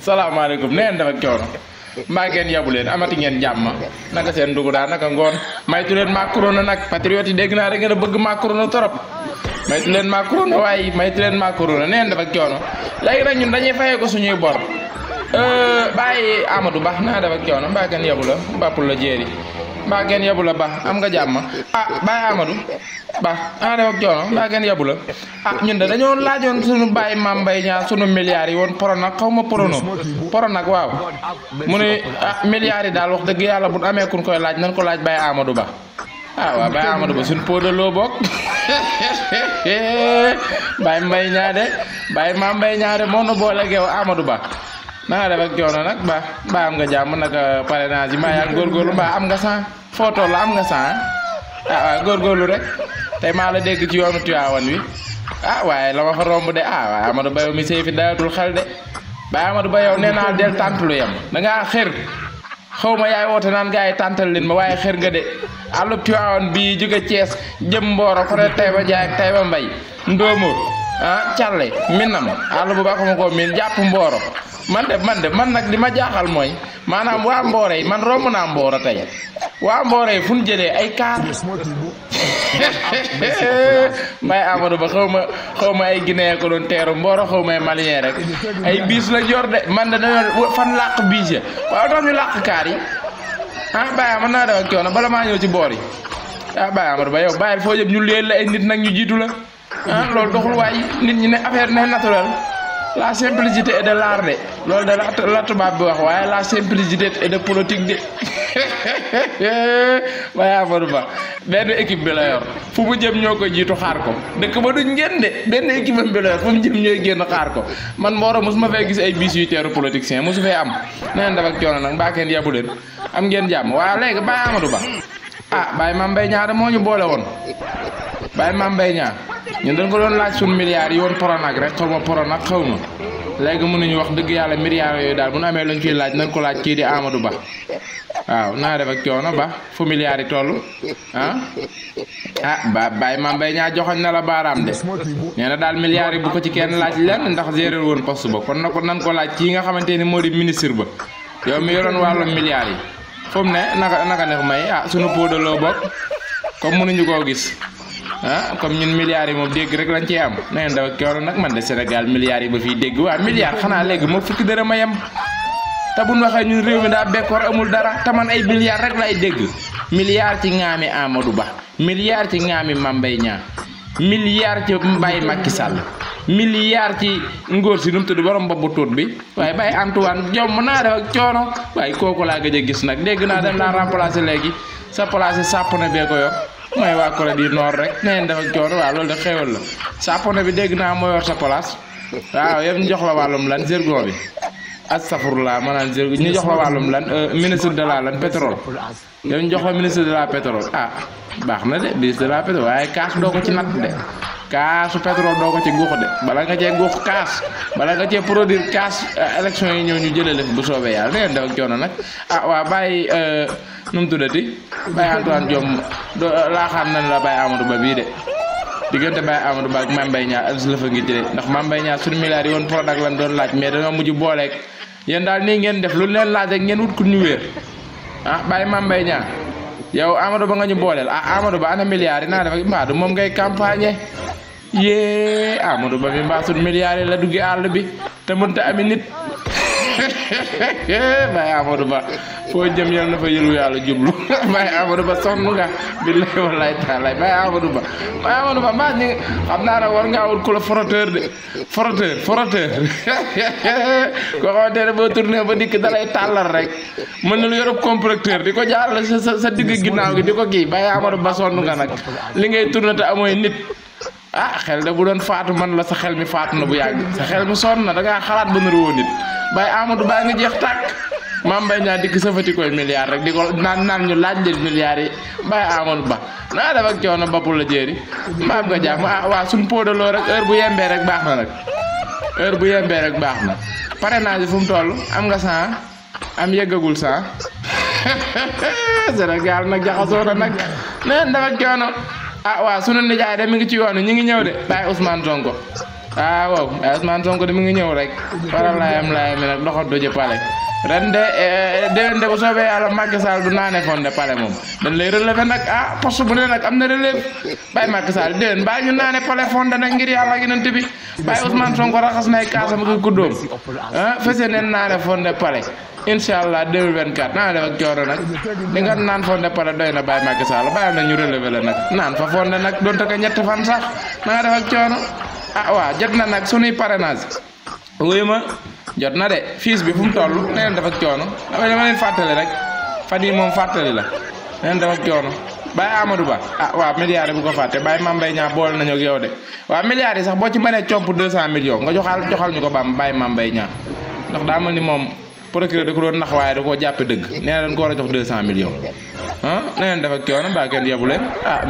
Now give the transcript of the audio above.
salaamaaleykum neen def ak coono mbaa ngeen yabu amati gen jamma naka sen dugu da naka ngon may tulen macron nak patriote deg na re da beug macron torop may tulen macron way may tulen macron neen dama ak lay léegi ñun dañuy fayé ko suñuy bor eh, bàyyi Amadou Ba naa def ak coono mbaa ngeen la mbàppul mbaa ngeen yabu la ba am nga jàmm ah Baye Amadou ba ana def ak coono mbaa ngeen yabu la ah, ñun de dañoo laajoon suñu Baye Mame Mbaye Niang sunu milliards yi woon Pronac nag ma Prono Pronac waaw mu ne ah milliards yi daal wax dëgg yàlla bu amee kun koy laaj nan ko laaj Baye Amadou Ba ah waaw Baye Amadou Ba suñu podaloo bokk Baye mbay Niang de Baye Mame Mbaye Niang nu boole geew Amadou Ba na nga def ak nag ba ba am nga jàmm naka euh, parrainage yi mbaa yaa ngi góorgóorlu mbaa am nga sang foo am nga sang ah waaw rek tey maa la dégg ci yoonu Tiwaawan wi ah waaye la ma fa romb de ah waaye Amadou Ba yow mi sëy fi dayatul xel de waaye Amadou Ba yow nee naa del tànt lu yem da xër xaw ma yaay woote naan gaa yi tàntal ma waaye xër nga de àllub Tiwaawan bii jóge Thiès jëm Mboro ko tay ba jaay tay ba mbay ndóomóor ah Thialé na ma bu baax ma man de man de man nak mana ma moy manam wa waa man romu na mboora tay wa mboore fuñ jëlé ay kaar may amadou ba xawma xawma ay guinée ko don téru mboro xawma ay malien rek ay bis la jor de man de fan laq bis ya wa tax ñu laq kaar yi ah bàyyi man naa dem ak bala ma ñëw ci bor yi ah ba amadou ba yow baay fo jëm ñu leel la ay nit nak ñu jitu la ah lool doxul way nit ñi ne affaire ne naturel la simplicité est de l'art de loolu da la tubaab bi wax waye la simplicité est de politique de waya forba Ba benn équipe bi la yor fu mu jëm ñoko jitu xaar ko dekk ba duñ ngeen de ben équipe bi la yor fu mu jëm ñoy genn xaar ko man musu mosuma fay gis ay bis yu téru politicien mosu fay am neen nah, daf ak coono nak ba kenn yabu leen am ngeen jàmm wa léegi ba Amadou Ba ah bàyyi mam bay ñaar mo ñu boole won bàyyi mam bay ñaar ñu dañ ko doon laaj sun milliards yi woon ak rek xaw ma pronak xaw ma léegi mënuñu wax dëgg yàlla milliards yooyu daal bu nu amee lañ ciy laaj nañ ko laaj kii di amadou ba waaw naa def ak coono ba fu milliards yi toll ah ah ba bàyyi ma bay ñaa joxoñ na la baaraam de nee na daal milliards yi bu ko ci kenn laaj lenn ndax zéro woon poste ba kon na ko ko laaj kii nga xamante ni moo di ministre ba yow mi yoroon wàllum milliards yi fu mu ne naka naka neex may ah sunu póodaloo bopp comme mënuñu koo gis comme ñun milliards yi moom dégg rek lañ ci am nee ndaw kewno nag man de sénégal milliards yi ba fii dégg waa milliards xanaa léegi ma fukki dara ma yem te buñ waxee ñun réew mi daa bekkoor amul dara te man ay milliards rek lay dégg milliards ci ngaami amadou ba milliards ci ngaami mambay ñaa milliards ci mbay Macky Sall milliards ci ngor si num tudd borom bobu tuut bi waaye bay Antoine jom naa def ak coono waaye kooku laa gëj a gis nag dégg naa dem naa remplacer léegi sa place sàpp na bee ko yor mooy waa Corée du Nord rek neen dafa coono waaw loolu de xéwal la sapone bi dégg naa mooy war sa place waaw yow ñu jox la wàllum lan zirgon bi astafurlah maanaam zirgon ñu jox la wàllum lan euh, ministre de la lan pétrole yow ñu jox la ministre de la pétrole ah baax na de ministre de la pétrole waaye kaas doo ko ci natt de. kaasu pétrole eh, eh. ah, eh, do ko ci guux de bala nga kas, guux kaas bala nga ci produire kaas election yi ñëw ñu jëlee bu soobee yàlla da ngeen def ak coono nag ah waa bàyyi nu bay antoine jom do la xam nan la bay Amadou Ba bi de digënté bay Amadou Ba ak mam bay ñaar gitu, ak la ngi jëlé ndax mam bay ñaar suñu milliard yoon product lan doon laaj mais dañoo mujj booleeg yeen daal ni ngeen def lu leen laaj ak ngeen wut ku ñu wër ah bay mam nya, ñaar yow Amadou Ba nga ñu booleel ah Amadou Ba ana milliard yi def ak du ngay campagne ye amadou ba mi mbasul milliard la duggee all bi te ta ami nit bay amadou ba fo jëm yal na fa yëlu yàlla jublu bay amadou ba sonu nga billahi wallahi taala bay amadou ba bay amadou ba ma ñi xam na nag war nga wul ku frotteur de frotteur frotteur ko xamante ne bo tourner ba dik dalay tàllal rek mën na lu yorop compresseur diko jaar la sa digg ginaaw gi gitu, di ko kii bay amadou ah, ba sonu nga nak li ngay tourner ta amoy nit ah xel de bu doon faatu man la sa xel mi faatu na bu yàgg sa xel mi sonn na da ngaa xalaat ba nëroo nit bay Amadou baa nga jeex tàkk maam bay ñaa dikk safati koy milliards rek di ko naan naan ñu laaj leen milliards yi bay Amadou ba naa def ak coono boppul la jéeri mbaam nga jàmm ah waa suñ póodaloo rek heure bu yembee rek baax na nag heure bu yembee rek baax na parrainage bi fu mu toll am nga saa am yëggagul saa Sénégal nag jaxasoo na nag neen def ak coono ah waa sunu nijaay de mi ngi ci yoon ñu ngi ñëw de Baye Ousmane Sonko ah waaw Baye Ousmane Sonko de mi ngi ñëw rek faral laayam laayam nag loxo doje pale ren de eh, eh, déwén de bu soobee yàlla Macky Sall du naane fon pale moom dañ lay relevé nag ah poste bu ne nag am na relève Baye Macky Sall déwén baa ñu naane pale fon de nag ngir yàlla yonent bi Baye Ousmane Sonko raxas nay kaasam ak guddoom ah neen naane fon pale incha allah 2024 naa def ak coono nag di nga naan fonde pare doy na Baye Macky Sall bàyyi na ñu relevé la nag naan fa fonde nag donte ko ñetti fan sax naa def ak coono ah waa jot na nag sunuy parrainage wuyu ma jot na de fiis bi fu mu toll nee def ak coono dama leen fan yi moom fàttali la nee leen def ak coono. Baye Amadou Ba ah waaw milliards yi bu baay fàtte Baye Mame Mbaye Niang boole nañu ak yow de waa milliards yi sax boo ci mënee comp 200 millions nga joxal joxal ñu ko Baye Mame Mbaye Niang ndax daa moom. procureur da ko doon nax waaye da koo jàppe dëgg nee na ko war deux cent millions ah na ngeen def ak mbaa kenn yebu ah